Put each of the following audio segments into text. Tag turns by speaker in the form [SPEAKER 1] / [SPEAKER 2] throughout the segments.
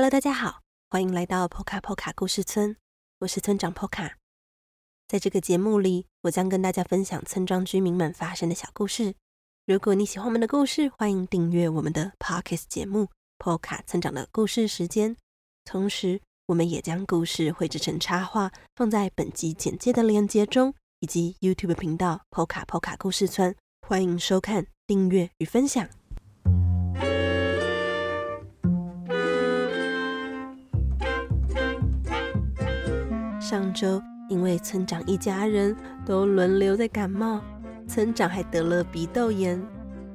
[SPEAKER 1] Hello，大家好，歡迎來到 Poka Poka 故事村，我是村長 Poka。在這個節目裡，我將跟大家分享村莊居民們發生的小故事。如果你喜歡我們的故事，歡迎訂閱我們的 Podcast 節目 Poka 村長的故事時間。同時，我們也將故事繪製成插畫，放在本集簡介的鏈接中，以及 YouTube 頻道 Poka Poka 故事村。歡迎收看、訂閱與分享。上週因為村長一家人都輪流在感冒，村長還得了鼻竇炎，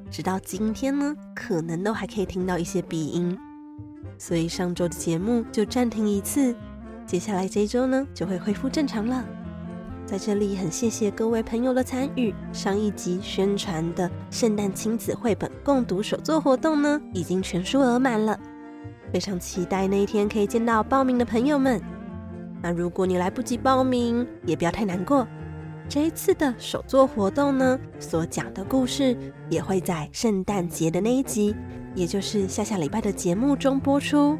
[SPEAKER 1] 直到今天呢，可能都還可以聽到一些鼻音。所以上週的節目就暫停一次，接下來這一周呢就會恢復正常了。在這裡很謝謝各位朋友的參與。上一集宣傳的聖誕親子繪本共讀手作活動呢，已經全數額滿了，非常期待那一天可以見到報名的朋友們。那如果你來不及報名，也不要太難過。這一次的手作活動呢，所講的故事也會在聖誕節的那一集，也就是下下禮拜的節目中播出。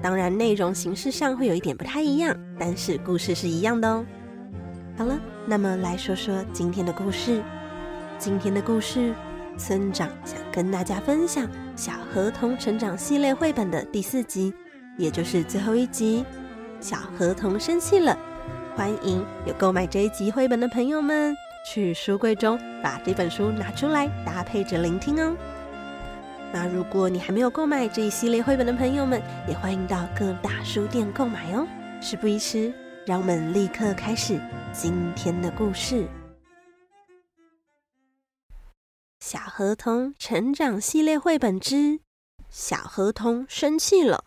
[SPEAKER 1] 當然，內容形式上會有一點不太一樣，但是故事是一樣的哦。好了，那麼來說說今天的故事。今天的故事，村長想跟大家分享《小河童成長系列繪本》的第四集，也就是最後一集。小河童生氣了，歡迎有購買這一集繪本的朋友們去書櫃中把這本書拿出來搭配着聆聽哦。那如果你還沒有購買這一系列繪本的朋友們，也歡迎到各大書店購買哦。事不宜遲，讓我們立刻開始今天的故事。小河童成長系列繪本之《小河童生氣了》。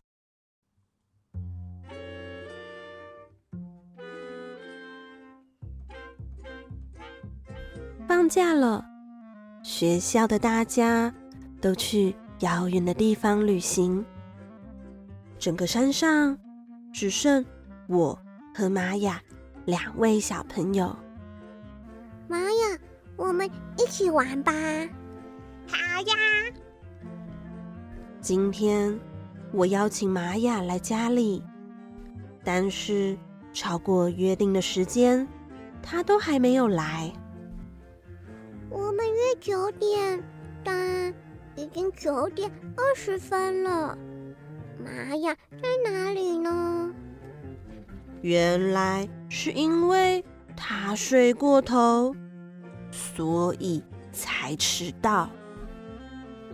[SPEAKER 1] 放假了，學校的大家都去遙遠的地方旅行，整個山上只剩我和麻亞兩位小朋友。麻亞，我們一起玩吧。好呀。今天我邀請麻亞來家裡，但是超過約定的時間，她都還沒有來。九點，但已經九點二十分了。麻亞在哪裡呢？原來是因為他睡過頭，所以才遲到。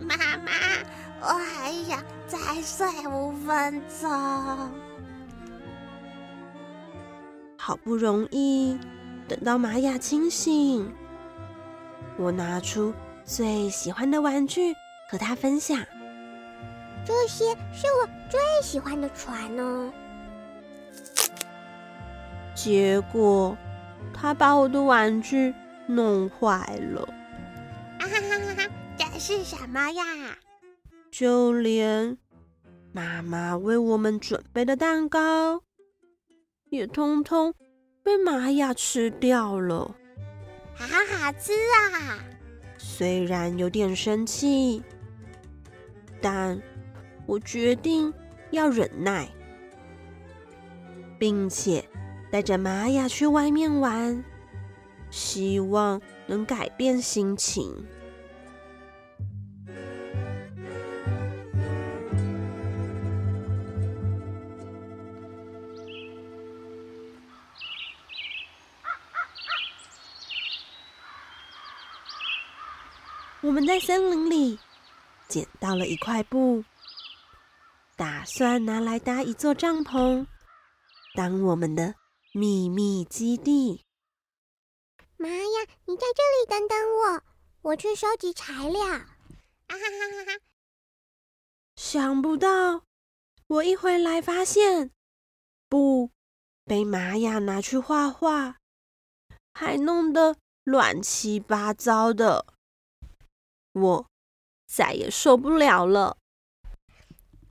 [SPEAKER 1] 媽媽，我還想再睡五分鐘。好不容易等到麻亞清醒。我拿出最喜歡的玩具和他分享，這些是我最喜歡的船哦。結果他把我的玩具弄壞了，啊、哈哈哈哈！這是什麼呀？就連媽媽為我們準備的蛋糕，也通通被麻亞吃掉了。好好吃啊！雖然有點生氣，但我決定要忍耐，並且帶着麻亞去外面玩，希望能改變心情。我們在森林裡撿到了一塊布，打算拿來搭一座帳篷，當我們的秘密基地。麻亞，你在這裡等等我，我去收集材料。啊哈哈哈哈！想不到我一回來發現，布被麻亞拿去畫畫，還弄得亂七八糟的。我再也受不了了！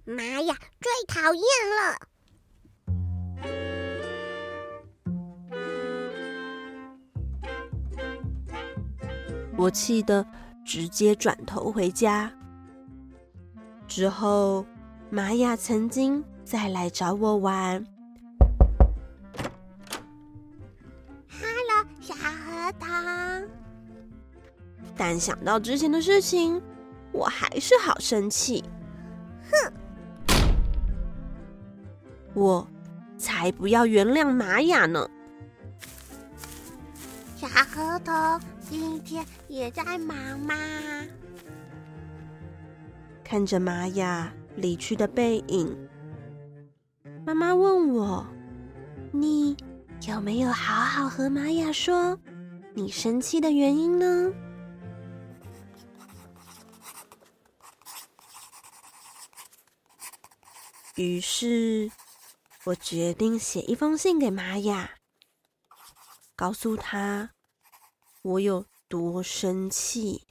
[SPEAKER 1] 麻亞最討厭了，我氣得直接轉頭回家。之後，麻亞曾經再來找我玩。但想到之前的事情，我還是好生氣。哼！我才不要原諒麻亞呢！小河童今天也在忙嗎？看着麻亞離去的背影，媽媽問我：“你有沒有好好和麻亞說你生氣的原因呢？”於是我決定寫一封信給麻亞，告訴她我有多生氣。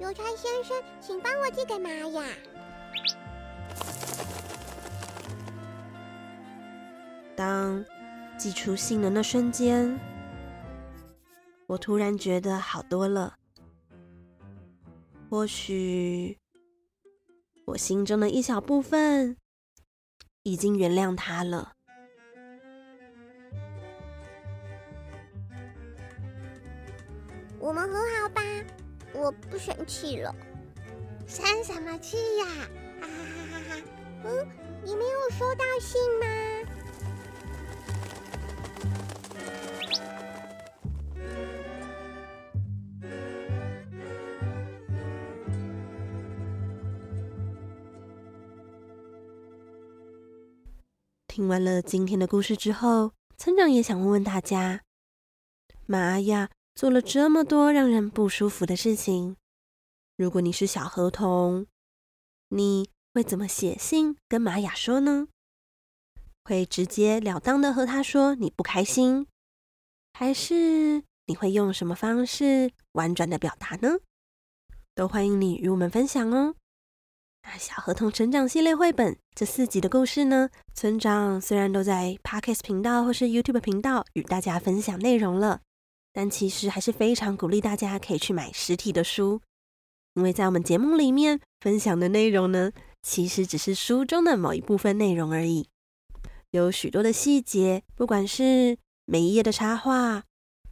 [SPEAKER 1] 郵差先生，請幫我寄給麻亞。當寄出信的那瞬間，我突然覺得好多了。或許我心中的一小部分已經原諒他了。我們和好吧，我不生氣了。生什麼氣呀？哈哈哈哈哈。嗯，你沒有收到信嗎？聽完了今天的故事之後，村長也想問問大家：麻亞做了這麼多讓人不舒服的事情，如果你是小河童，你會怎麼寫信跟麻亞說呢？會直截了當的和他說你不開心，還是你會用什麼方式婉轉的表達呢？都歡迎你與我們分享哦。那小河童成長系列繪本這四集的故事呢，村長雖然都在 Podcast 頻道或是 YouTube 頻道與大家分享內容了，但其實還是非常鼓勵大家可以去買實體的書，因為在我們節目裡面分享的內容呢，其實只是書中的某一部分內容而已，有許多的細節，不管是每一頁的插畫，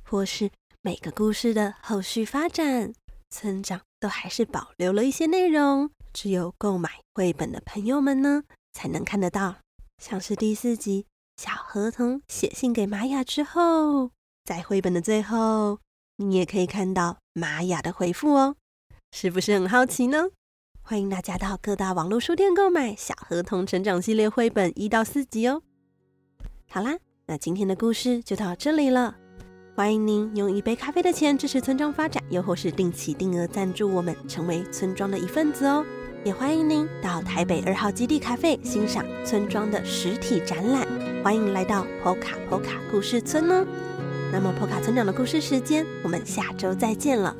[SPEAKER 1] 或是每個故事的後續發展，村長都還是保留了一些內容。只有購買繪本的朋友們呢，才能看得到。像是第四集小河童寫信給麻亞之後，在繪本的最後，你也可以看到麻亞的回復哦。是不是很好奇呢？歡迎大家到各大網絡書店購買《小河童成長系列》繪本一到四集哦。好啦，那今天的故事就到這裡了。歡迎您用一杯咖啡的錢支持村莊發展，又或是定期定額贊助我們，成為村莊的一份子哦。也歡迎您到台北二號基地咖啡欣賞村莊的實體展覽，歡迎來到波卡波卡故事村哦。那麼波卡村長的故事時間，我們下週再見了。